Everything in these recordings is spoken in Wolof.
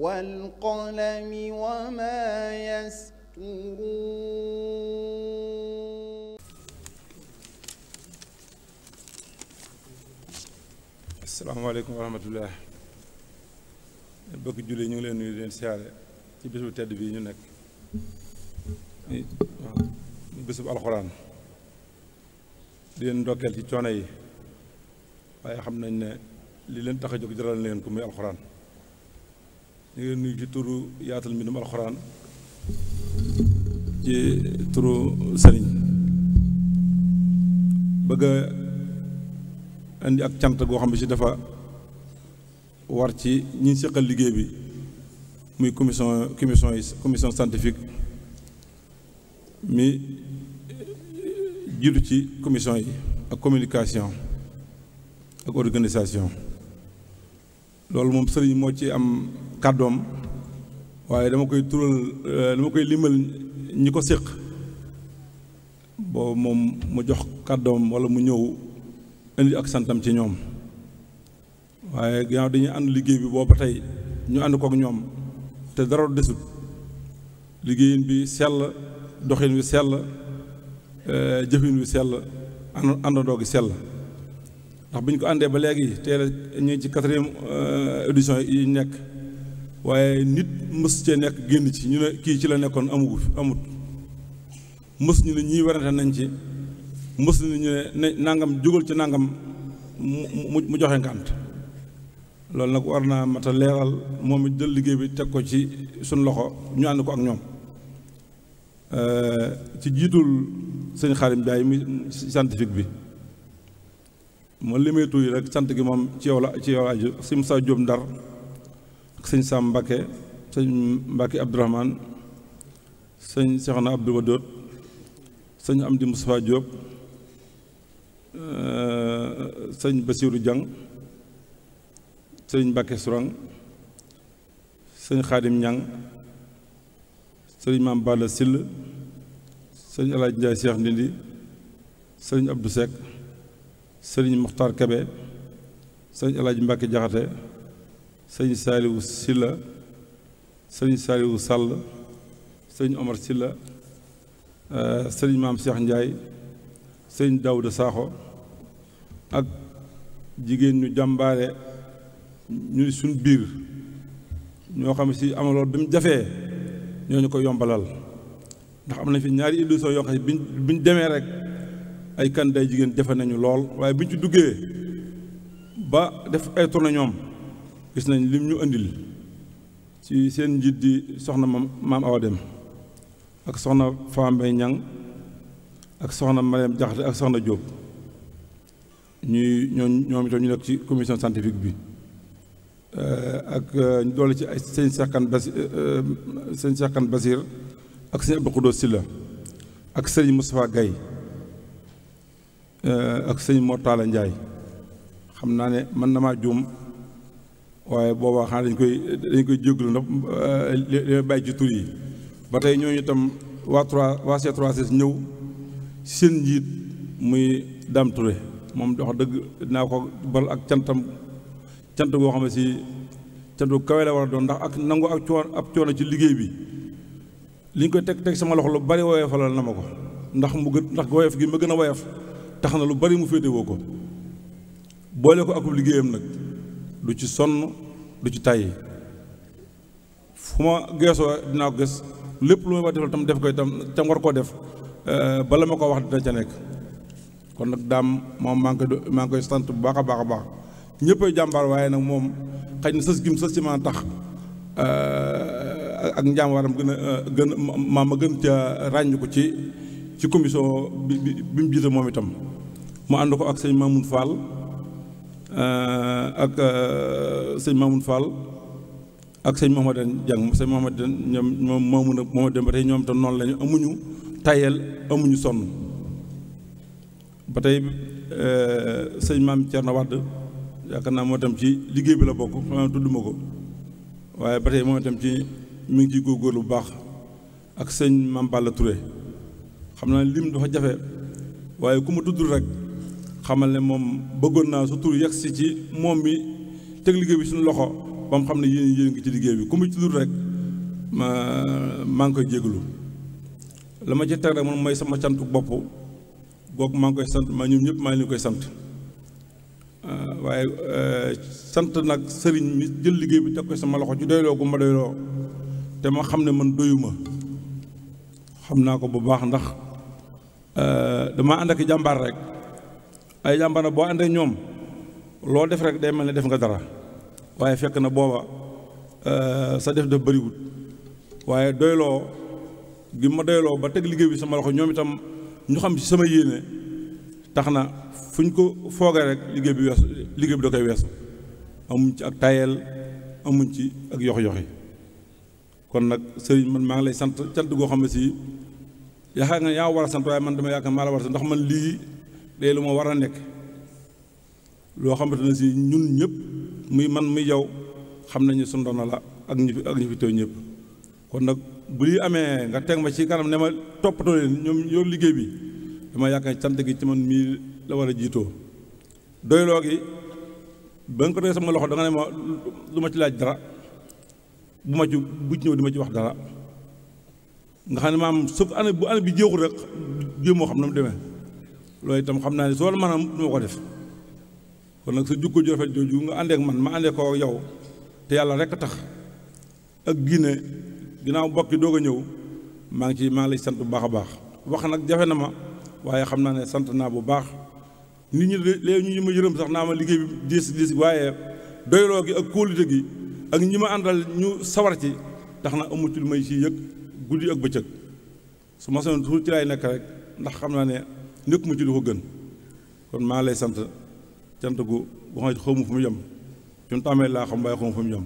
والقلم وما يسطرون asalaamaaleykum wa rahmatullah bokk julli ñu ngi leen nuyu leen siyaare ci bés tedd bii ñu nekk bésub alxuraan di leen ndokkeel ci coono yi waaye xam nañ ne li leen tax a jóg jaral leen ku muy alxuraan ñu ngi leen nuyu ci turu yaatal mbindum alxuraan ci turu sëriñ bëgg a indi ak cant goo xam ne si dafa war ci ñi seqal liggéey bi muy commission commission commission scientifique mi jiitu ci commission yi ak communication ak organisation loolu moom sëriñ moo ci am kàddoom waaye dama koy tural eh, dama koy limal ñi ko séq boobu moom mu jox kàddoom walla mu ñëw indi ak santam ci ñoom waaye ginnaaw dañuy ànd liggéey bi boobu tey ñu ànd kook ñoom te dara desut liggéeyin bi sell doxin wi sell eh, jëfin wi sel ànd àndandoo gi sell ndax bi ñu ko àndee ba léegi teel ñu ngi ci quatrième eh, édition yi nekk waaye nit mës cee nekk génn ci ñu ne kii ci la nekkoon amugu fi amut mës ñu ne ñii warante nañ ci mës ñu ne nangam jógal ci nangam mu mu joxe ngànt loolu nag war naa mat leeral moom it jël liggéey bi teg ko ci suñ loxo ñu ànd ko ak ñoom ci jiitul sëñ Xaadim Njaay mi scientifique bi ma limee yi rek sant gi moom ci yow la ci yow la aju Sim Sa Jóob Ndar sëñ Sam Mbacke sëñ Mbacke Abdourahmane sëñ Soxna Abdou Wadoot sëñ Amdi Moustapha Diop euh, sëñ Bassirou Diang sëñ Mbacke Sourang sëñ Xaadim Ñang sëñ Maam Balla Sill sëñ Alaaji Njaay Seex Ndindi sëñ Abdou Seck sëñ Muxtaar Kebe sëñ Alaaji Mbacke Jaxate sëñ Saliou Sylla sëñ Saliou Sall sëñ Omar Sylla eh, sëñ Maam Cheikh Ndiaye sëñ Daouda saaxo ak jigéen ñu jàmbaare ñu suñ biir ñoo xam si amaloon bi mu jafee ñoo ñu ko yombalal ndax am nañ fi ñaari édition yoo xam bi ñu demee rek ay kande day jigéen jafe nañu lool waaye bi ñu ci duggee ba def ay tournée ñoom gis nañ lim ñu indil ci seen njiit di soxna maam Awa Dem ak soxna Fawa Mbaye Niang ak soxna Mariam Jaxate ak soxna Diop ñuy ñoom ñoom itam ñu nekk ci commission scientifique bi euh, ak euh, doole ci ay sëñ Sakkan Basir euh, sëñ Sakkan Basir ak sëñ Abdou Khoudoss Silla ak sëñ Moustapha Gaye ak sëñ Mortala Ndiaye xam naa ne mën na maa juum waaye boobaa xanaa dañ koy dañ koy jéggalu ndax euh, li bàyyi ci tur yi ba tey ñooñu itam waa trois waa C3S ñëw seen njiit muy Dame Touré moom dox dëgg dinaa ko bal ak cantam cant goo xam ne si cant kawe la war a doon ndax ak nangu ak coon coono ci liggéey bi li ñu koy teg teg sama loxo lu bari woyofalal na ma ko ndax mu gën ndax woyof gi ma gën a woyof tax na lu bari mu féetewoo ko boole ko akub liggéeyam nag du ci sonn du ci tay fu ma geesoo dinaa ko gis lépp lu ma war defal tam def ko itam tam war koo def euh, bala ma ko wax dina ca nekk kon nag daam moom maa ngi koy maa ngi koy sant bu baax a baax a baax ñëppay jàmbaar waaye nag moom xëy na sës gim sës ci man tax euh, ak njaam waram gën a euh, gën maa ma gën ca ràññ ko ci ci commission bi bi mu jiite moom itam mu ànd ko ak sëñ Mamoun Fall Euh, ak euh, sëñ Mamoun Fall ak sëñ Mouhamadou Dieng sëñ Mouhamadou ñoom moom moomu nag Mouhamadou Dieng ba tey ñoom te noonu lañu amuñu tayel amuñu sonn ba tey euh, sëñ maam Thierno Wade yaakaar naa moo tam ci liggéey bi la bokk xam tudd ko waaye ba tey moo tam ci mi ngi ciy góorgóorlu bu baax ak sëñ maam Balla Touré xam naa lim dafa jafe waaye ku ma tudd rek. xamal ne moom bëggoon naa su tur yegg si ci moom mi teg liggéey bi suñu loxo ba xam ne yéen yéen ngi ci liggéey bi ku mu ci tudd ma maa ngi koy jégalu la ma ci teg rek moom mooy sama cantu bopp googu maa ngi koy sant maa ñoom ñëpp maa ngi koy sant euh, waaye euh, sant nag sëriñ mi jël liggéey bi teg ko sama loxo ci doyloo gu ma doyloo te ma xam ne man doyuma xam naa ko bu baax ndax euh, dama ànd ak jàmbaar rek ay jàmbar nag boo ànd ñoom loo def rek day mal ne def nga dara waaye fekk na booba euh, sa def daf bëriwut waaye doyloo gi ma doyloo ba teg liggéey bi sama loxo ñoom itam ñu xam ci sama yéene tax na fu ñu ko foogee rek liggéey bi weesu liggéey bi da koy weesu amuñ ci ak tayel amuñ ci ak yox-yoxi kon nag sëriñ man maa ngi lay sant cant goo xam ne si yaakaar nga yaa war a sant waaye man dama yaakaar maa la war a sant ndax man lii day lu ma war a nekk loo xamante ne si ñun ñëpp muy man muy yow xam nañu sunu ndono la ak ñu ak ñu fi teew ñëpp kon nag bu li amee nga teg ma ci kanam ne ma toppatoo leen ñoom yor liggéey bi dama yaakaar cant gi ci man mii la war a jiitoo doyloo gi ba nga ko teg sama loxo da nga ne ma lu ma ci laaj dara bu ma ci bu ñëw di ma ci wax dara nga xam ne maam suuf année bu année bi jeexul rek jéem moo xam na mu demee loolu itam xam naa ne soo maanaam du ma ko def kon nag sa jukko ju rafet jooju nga àndeek man ma àndee ko yow te yàlla rek tax ak Guinée ginnaaw bokki doog a ñëw maa ngi ci maa ngi lay sant bu baax a baax wax nag jafe na ma waaye xam naa ne sant naa bu baax nit ñi léegi ñu ma yërëm sax naa ma liggéey bi diis diis waaye doyloo gi ak kóolute gi ak ñi ma àndal ñu sawar ci tax na amutul may ci yëg guddi ak bëccëg su ma sonoon ci laay nekk rek ndax xam naa ne nekkuma ci lu ko gën kon maa lay sant cant gu wax nga xawma fu mu yem fi mu laa xam waaye xawma fu mu yem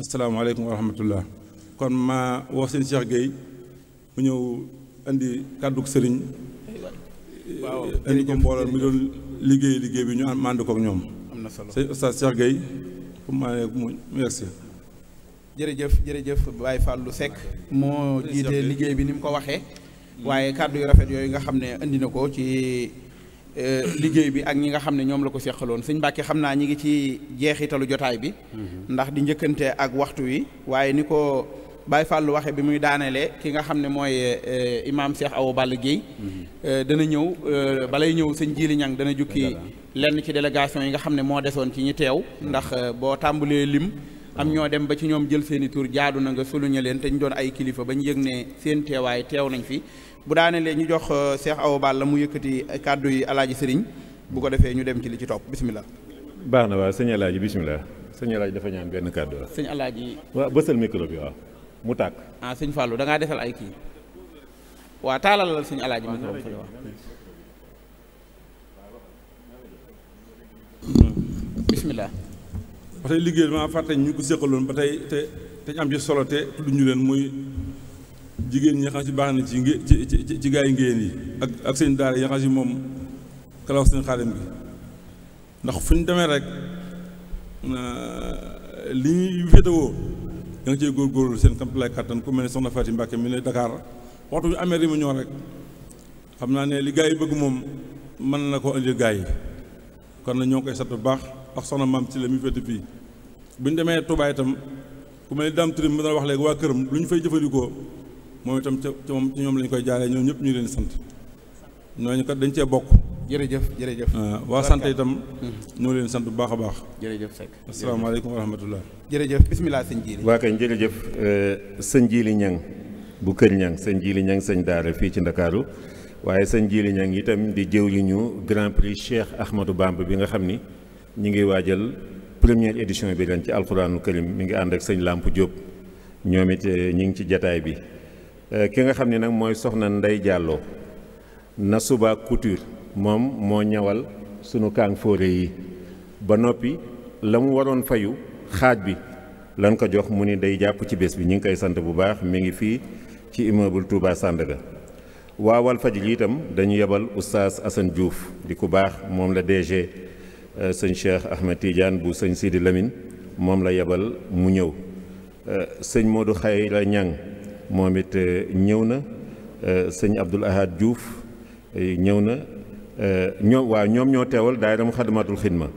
asalaamaaleykum wa rahmatullah kon maa wax seen Cheikh Gueye mu ñëw indi kàddug sëriñ indi ko mbooloo mi doon liggéey liggéey bi ñu ànd ko ak ñoom sëñ Oustaz Cheikh Gueye comme maa ne mu yegsi jërëjëf jërëjëf Baye Fallou Seck moo jiite liggéey bi ni mu ko waxee waaye kàddu yu rafet yooyu nga xam ne indi na ko ci euh, liggéey bi ak ñi nga xam ne ñoom la ko seqaloon sëñ Mbàkke xam naa ñi ngi ci jeexitalu jotaay bi mm-hmm. ndax di njëkkante ak waxtu wi waaye ni ko Baye fàllu waxe bi muy daanelee ki nga xam ne mooy euh, imaam Cheikh Awa Balla Guèye mm-hmm. euh, dana ñëw balay ñëw sëñ Jili Ñang dana jukki lenn ci délégation yi nga xam ne moo desoon ci ñu teew mm-hmm. ndax boo tàmbulee lim am ñoo dem ba ci ñoom jël seen i tur jaadu na nga suluña leen te ñu doon ay kilifa ba ñu yëg ne seen teewaay teew nañ fi bu daane lee ñu jox euh, Cheikh baal la mu yëkkati kàddu yi alaaji sëriñ bu ko defee ñu dem ci li ci topp bisimilah. baax na waa sëñ alaaji bisimilah sëñ alaaji dafa ñaan benn kàddu la. sëñ alaaji. waaw bësal micro bi waaw mu tàkk. ah sëñ Fallou da defal ay kii waa taalalal sëñ alaaji micro bi ba tey liggéey bi maa fàtte ñu ko séqaloon ba tey te te am ci solo te tudd ñu leen muy jigéen ñi nga xam si baax na ci nge ci ci ci gaa yi ngéen yi ak ak seen daara yi nga xam si moom kalaw seen xaalim bi ndax fu ñu demee rek euh, li ñuy féetewoo da nga cee góorgóorlu seen kamtalaay kàttan ku mel ne soxna Fatim Mbàkke mi ne Dakar waxtu ñu amee réunion rek xam naa ne li gaa yi bëgg moom mën na ko indil gaa yi kon na ñoo koy sant bu baax ak soxna maam ci la muy féete fii bu ñu demee Touba itam ku mel ni Dame Touré dana wax léegi waa këram lu ñu fay jëfandikoo moom itam ca ca moom ci ñoom la ñu koy jaaree ñoom ñëpp ñu leen sant ñooñu kat dañ cee bokk. jërëjëf jërëjëf. Ah, waa sant itam. Mm-hmm. ñoo leen sant bu baax a baax. jërëjëf Seck asalaamaaleykum wa rahmatullah. jërëjëf bisimilah sëñ Jili. waa kañ jërëjëf eh, sëñ Jili ñaŋ bu Kër Ñang sëñ Jili Ñang sëñ Daara fii ci Ndakaaru waaye sëñ Jili Ñang itam di ñu Grand Prix Cheikh Ahmadou Bamba bi nga xam ni ñi ngi waajal première édition bi ren ci alxuraanu karim mi ngi ànd ak sëñ làmp Diop ñoom it eh, ñi ngi ci jataay bi eh, ki nga xam ni nag mooy soxna Ndey Jàlloo na suba couture moom moo ñawal sunu kaang fóore yi ba noppi la mu waroon fayu xaaj bi lan ko jox mu ni day jàpp ci bés bi ñu ngi koy sant bu baax mi ngi fii ci immeuble Touba Sandaga waawal faj li itam dañu yebal oustaz Assane Diouf di ku baax moom la DG Euh, sëñ Cheikh Ahmed Tidiane bu sëñ Sidi Lamine moom la yebal mu ñëw euh, sëñ Modou Khayra Niang moom it euh, ñëw na sëñ Abdoul Ahad Diouf ñëw na ñoom waaw ñoom ñoo teewal daayira mu xadamatul xidma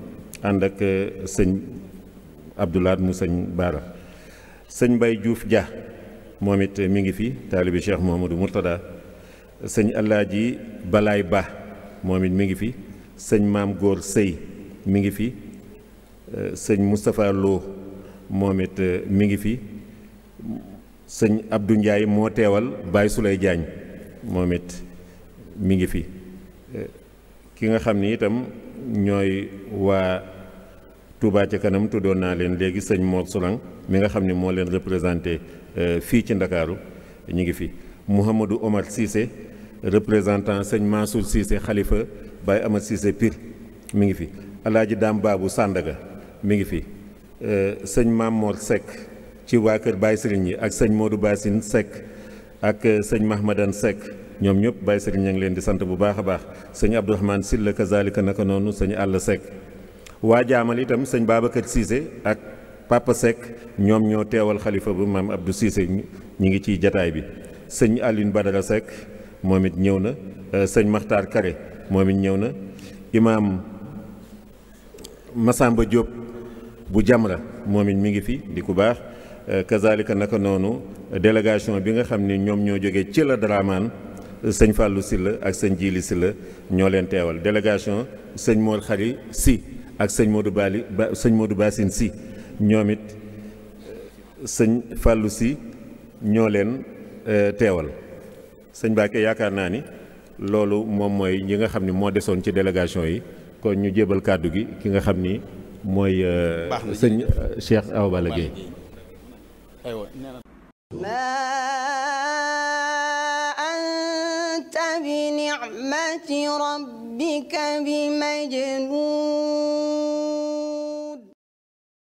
ànd ak sëñ Abdoulaat mu sëñ Baara sëñ Mbaye Diouf Dia moom it mi ngi fi taalibi Cheikh Mouhamadou Mourtada sëñ Alaaji Balaay Ba moom it mi ngi fi sëñ Maam Góor Sëy mi ngi fi sëñ Moustapha Lo moom it eh, mi ngi fi sëñ Abdou Ndiaye moo teewal Baye Souley Diagne moom it mi ngi fi eh, ki nga xam ni itam ñooy waa Touba ci kanam tuddoon naa leen léegi sëñ Mor Solang mi nga xam ni moo leen représenté eh, fii ci Ndakaaru ñu ngi fi Mouhamadou Omar Cissé représentant sëñ Mansour Cissé xalifa baay Amad Cissé Pire mi ngi fi alaaji daam baabu sàndaga mi ngi fi euh, sëñ Mamor sekk ci waa kër Baye sëriñ yi ak sëñ Modou Bassine Seck ak euh, sëñ Mahmadan Seck ñoom ñëpp Baye Serigne ña ngi leen di sant bu baax a baax sëñ Abdourahmane Silla kazalika naka noonu sëñ Àll Seck waa jaamal itam sëñ Babacar Cissé ak Papa Seck ñoom ñoo teewal xalifa bu maam Abdou Cissé ñi ngi ciy jataay bi sëñ Aline Badara Seck moom it ñëw na euh, sëñ maxtaar Kare moom it ñëw na Masamba Diop bu Jamra moom it mi ngi fi di ku baax euh, kazalika naka noonu délégation bi nga xam ni ñoom ñoo jógee ci la Dramane sëñ Fallou Silla ak sëñ Jili Silla ñoo leen teewal délégation sëñ Mor Xari Si ak sëñ Modou Bali ba sëñ Modou Si ñoom it sëñ Fallou Si ñoo leen euh, teewal sëñ Bakke yaakaar naa ni loolu moom mooy yi nga xam ni moo desoon ci délégation yi kon ñu jébal kàddu gi ki nga xam ni mooy euh, sëñ euh, Cheikh Awa Balla Gueye anta bi ni'mati rabbika bi majnun